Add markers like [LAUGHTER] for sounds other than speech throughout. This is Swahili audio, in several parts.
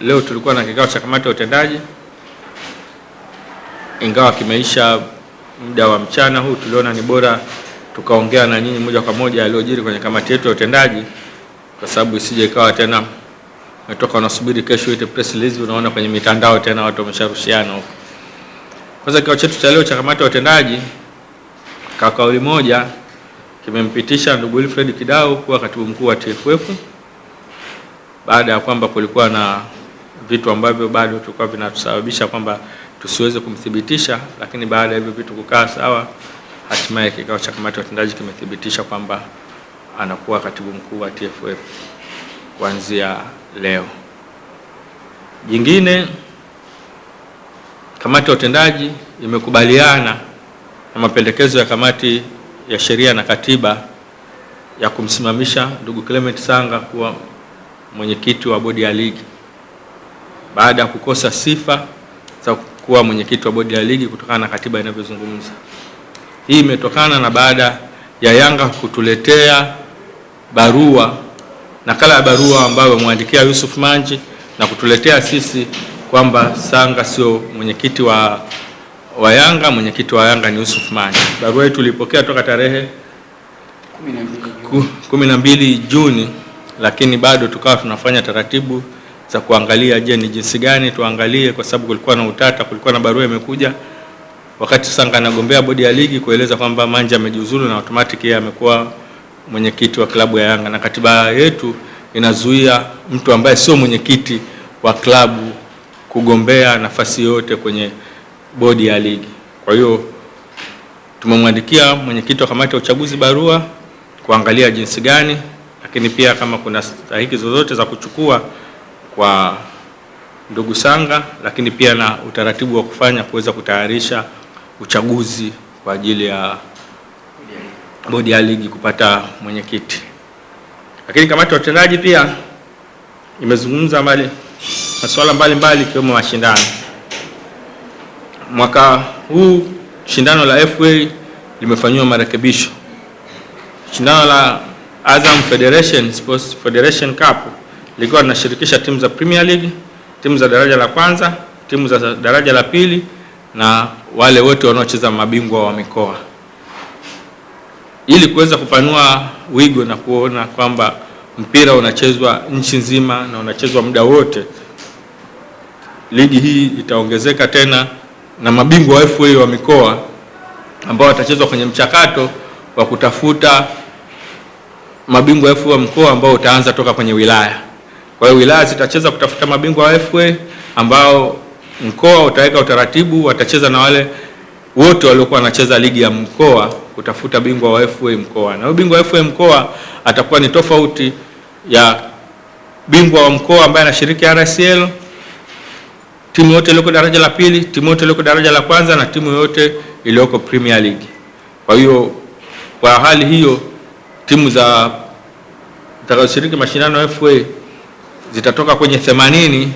Leo tulikuwa na kikao cha kamati ya utendaji, ingawa kimeisha muda wa mchana huu, tuliona ni bora tukaongea na nyinyi moja kwa moja yaliyojiri kwenye kamati yetu ya utendaji, kwa sababu isije ikawa tena umetoka unasubiri kesho ile press release, unaona kwenye mitandao tena watu wamesharushiana huko. Kwanza kikao chetu cha leo cha kamati ya utendaji kwa kauli moja kimempitisha ndugu Wilfred Kidau kuwa katibu mkuu wa TFF baada ya kwamba kulikuwa na vitu ambavyo bado tulikuwa vinatusababisha kwamba tusiweze kumthibitisha, lakini baada ya hivyo vitu kukaa sawa, hatimaye kikao cha kamati ya utendaji kimethibitisha kwamba anakuwa katibu mkuu wa TFF kuanzia leo. Jingine, kamati ya utendaji imekubaliana na mapendekezo ya kamati ya sheria na katiba ya kumsimamisha ndugu Clement Sanga kuwa mwenyekiti wa bodi ya ligi baada ya kukosa sifa za kuwa mwenyekiti wa bodi ya ligi kutokana na katiba inavyozungumza. Hii imetokana na baada ya Yanga kutuletea barua, nakala ya barua ambayo wamwandikia Yusuf Manji na kutuletea sisi kwamba Sanga sio mwenyekiti wa, wa Yanga. Mwenyekiti wa Yanga ni Yusuf Manji. Barua hii tulipokea toka tarehe 12 Juni, lakini bado tukawa tunafanya taratibu za kuangalia, je, ni jinsi gani tuangalie, kwa sababu kulikuwa na utata, kulikuwa na barua imekuja wakati Sanga anagombea bodi ya ligi kueleza kwamba Manja amejiuzulu na automatic yeye amekuwa mwenyekiti wa klabu ya Yanga, na katiba yetu inazuia mtu ambaye sio mwenyekiti wa klabu kugombea nafasi yoyote kwenye bodi ya ligi. Kwa hiyo tumemwandikia mwenyekiti wa kamati ya uchaguzi barua kuangalia jinsi gani, lakini pia kama kuna stahiki zozote za kuchukua kwa ndugu Sanga, lakini pia na utaratibu wa kufanya kuweza kutayarisha uchaguzi kwa ajili ya bodi ya ligi kupata mwenyekiti. Lakini kamati ya utendaji pia imezungumza mbali masuala mbalimbali ikiwemo mashindano. Mwaka huu shindano la FA limefanyiwa marekebisho. Shindano la Azam Federation Sports Federation Cup likiwa linashirikisha timu za Premier League, timu za daraja la kwanza, timu za daraja la pili na wale wote wanaocheza mabingwa wa mikoa, ili kuweza kupanua wigo na kuona kwamba mpira unachezwa nchi nzima na unachezwa muda wote. Ligi hii itaongezeka tena na mabingwa wa FA wa mikoa ambao watachezwa kwenye mchakato wa kutafuta mabingwa FA wa mkoa ambao utaanza toka kwenye wilaya. Kwa hiyo wilaya zitacheza kutafuta mabingwa wa FA ambao mkoa utaweka utaratibu, watacheza na wale wote waliokuwa wanacheza ligi ya mkoa kutafuta bingwa wa FA mkoa, na bingwa wa FA mkoa atakuwa ni tofauti ya bingwa wa mkoa ambaye anashiriki RSL, timu yote iliyoko daraja la pili, timu yote iliyoko daraja la kwanza na timu yote iliyoko Premier League. Kwa hiyo kwa hali hiyo timu za zitakazoshiriki mashindano ya FA zitatoka kwenye themanini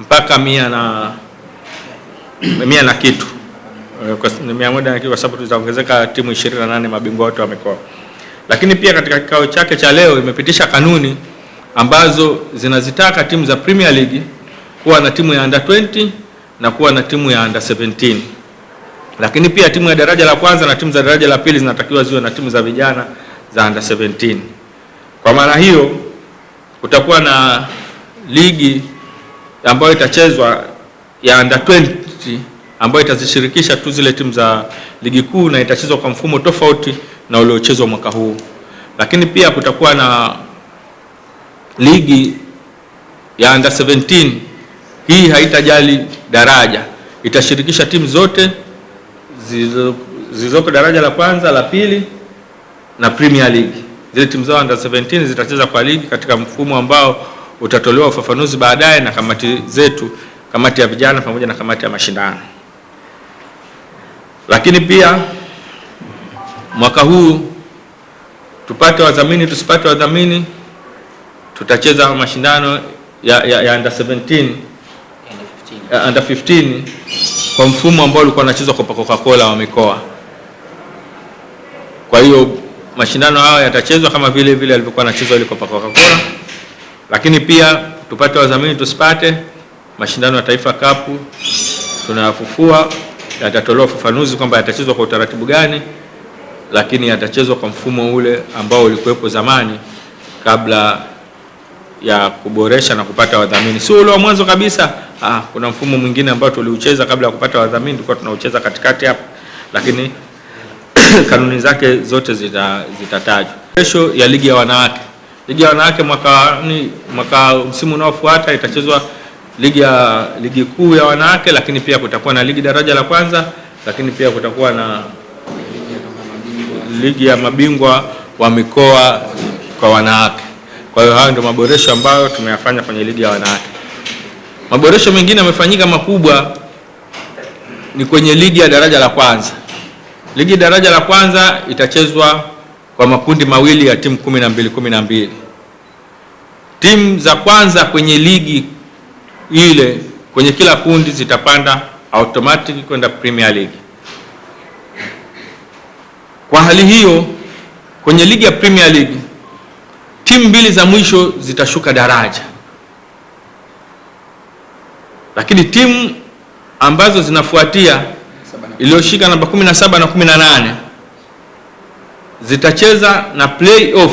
mpaka mia na mia na kitu eh, mia moja na kitu, kwa sababu tutaongezeka timu ishirini na nane mabingwa wote wa mikoa. Lakini pia katika kikao chake cha leo imepitisha kanuni ambazo zinazitaka timu za Premier League kuwa na timu ya under 20 na kuwa na timu ya under 17 lakini pia timu ya daraja la kwanza na timu za daraja la pili zinatakiwa ziwe na timu za vijana za under 17. Kwa maana hiyo kutakuwa na ligi ambayo itachezwa ya under 20 ambayo itazishirikisha tu zile timu za ligi kuu na itachezwa kwa mfumo tofauti na uliochezwa mwaka huu, lakini pia kutakuwa na ligi ya under 17. Hii haitajali daraja, itashirikisha timu zote zilizoko daraja la kwanza, la pili na Premier League zile timu zao under 17 zitacheza kwa ligi katika mfumo ambao utatolewa ufafanuzi baadaye na kamati zetu, kamati ya vijana pamoja na kamati ya mashindano. Lakini pia mwaka huu tupate wadhamini, tusipate wadhamini, tutacheza mashindano ya, ya, ya under 17 under 15 kwa mfumo ambao ulikuwa unachezwa kwa Coca-Cola wa mikoa. Kwa hiyo mashindano hayo yatachezwa kama vile vile alivyokuwa anachezwa ile kwa Coca-Cola, lakini pia tupate wadhamini tusipate. Mashindano ya Taifa Cup tunayafufua, yatatolewa ufafanuzi kwamba yatachezwa kwa utaratibu gani, lakini yatachezwa kwa mfumo ule ambao ulikuwepo zamani kabla ya kuboresha na kupata wadhamini, sio ule wa mwanzo kabisa. Ah, kuna mfumo mwingine ambao tuliucheza kabla ya kupata wadhamini, tulikuwa tunaucheza katikati hapa, lakini [COUGHS] kanuni zake zote zitatajwa. Kesho ya ligi ya wanawake, ligi ya wanawake mwaka mwaka msimu unaofuata itachezwa ligi ya ligi kuu ya wanawake, lakini pia kutakuwa na ligi daraja la kwanza, lakini pia kutakuwa na ligi ya mabingwa wa mikoa kwa wanawake. Kwa hiyo hayo ndio maboresho ambayo tumeyafanya kwenye ligi ya wanawake. Maboresho mengine yamefanyika makubwa ni kwenye ligi ya daraja la kwanza. Ligi daraja la kwanza itachezwa kwa makundi mawili ya timu 12 12. Timu za kwanza kwenye ligi ile kwenye kila kundi zitapanda automatic kwenda Premier League. Kwa hali hiyo, kwenye ligi ya Premier League timu mbili za mwisho zitashuka daraja, lakini timu ambazo zinafuatia iliyoshika namba 17 na 18 zitacheza na playoff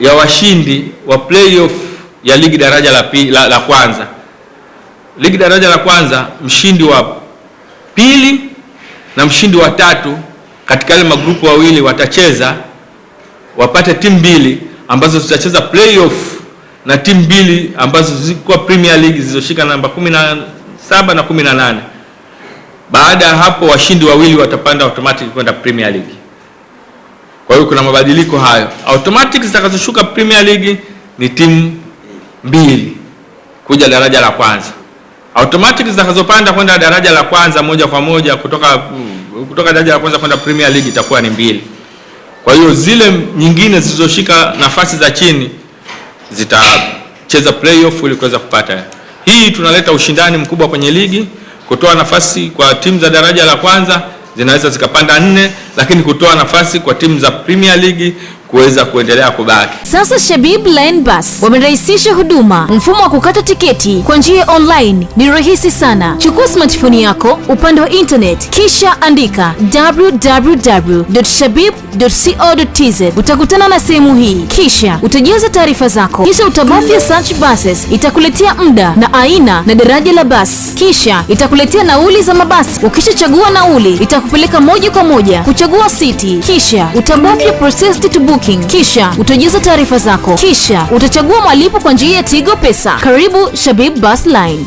ya washindi wa playoff ya ligi daraja la, pi, la, la kwanza ligi daraja la kwanza, mshindi wa pili na mshindi wa tatu katika yale magrupu wawili watacheza wapate timu mbili ambazo zitacheza playoff na timu mbili ambazo zilikuwa Premier League zilizoshika namba 17 na 18. Baada ya hapo washindi wawili watapanda automatic kwenda Premier League. Kwa hiyo kuna mabadiliko hayo. Automatic zitakazoshuka Premier League ni timu mbili kuja daraja la kwanza. Automatic zitakazopanda kwenda daraja la kwanza moja kwa moja kutoka kutoka daraja la kwanza kwenda Premier League itakuwa ni mbili. Kwa hiyo zile nyingine zilizoshika nafasi za chini zitacheza playoff ili kuweza kupata. Hii tunaleta ushindani mkubwa kwenye ligi kutoa nafasi kwa timu za daraja la kwanza zinaweza zikapanda nne, lakini kutoa nafasi kwa timu za Premier League kuweza kuendelea kubaki. Sasa Shabib Line Bus wamerahisisha huduma. Mfumo wa kukata tiketi kwa njia ya online ni rahisi sana. Chukua smartphone yako upande wa internet, kisha andika www.shabib.co.tz. Utakutana na sehemu hii, kisha utajaza taarifa zako, kisha utabofya search buses. Itakuletea muda na aina na daraja la basi, kisha itakuletea nauli za mabasi. Ukishachagua nauli, itakupeleka moja kwa moja kuchagua city kisha utabofya process to book Booking, kisha utajaza taarifa zako, kisha utachagua malipo kwa njia ya Tigo Pesa. Karibu Shabib Bus Line.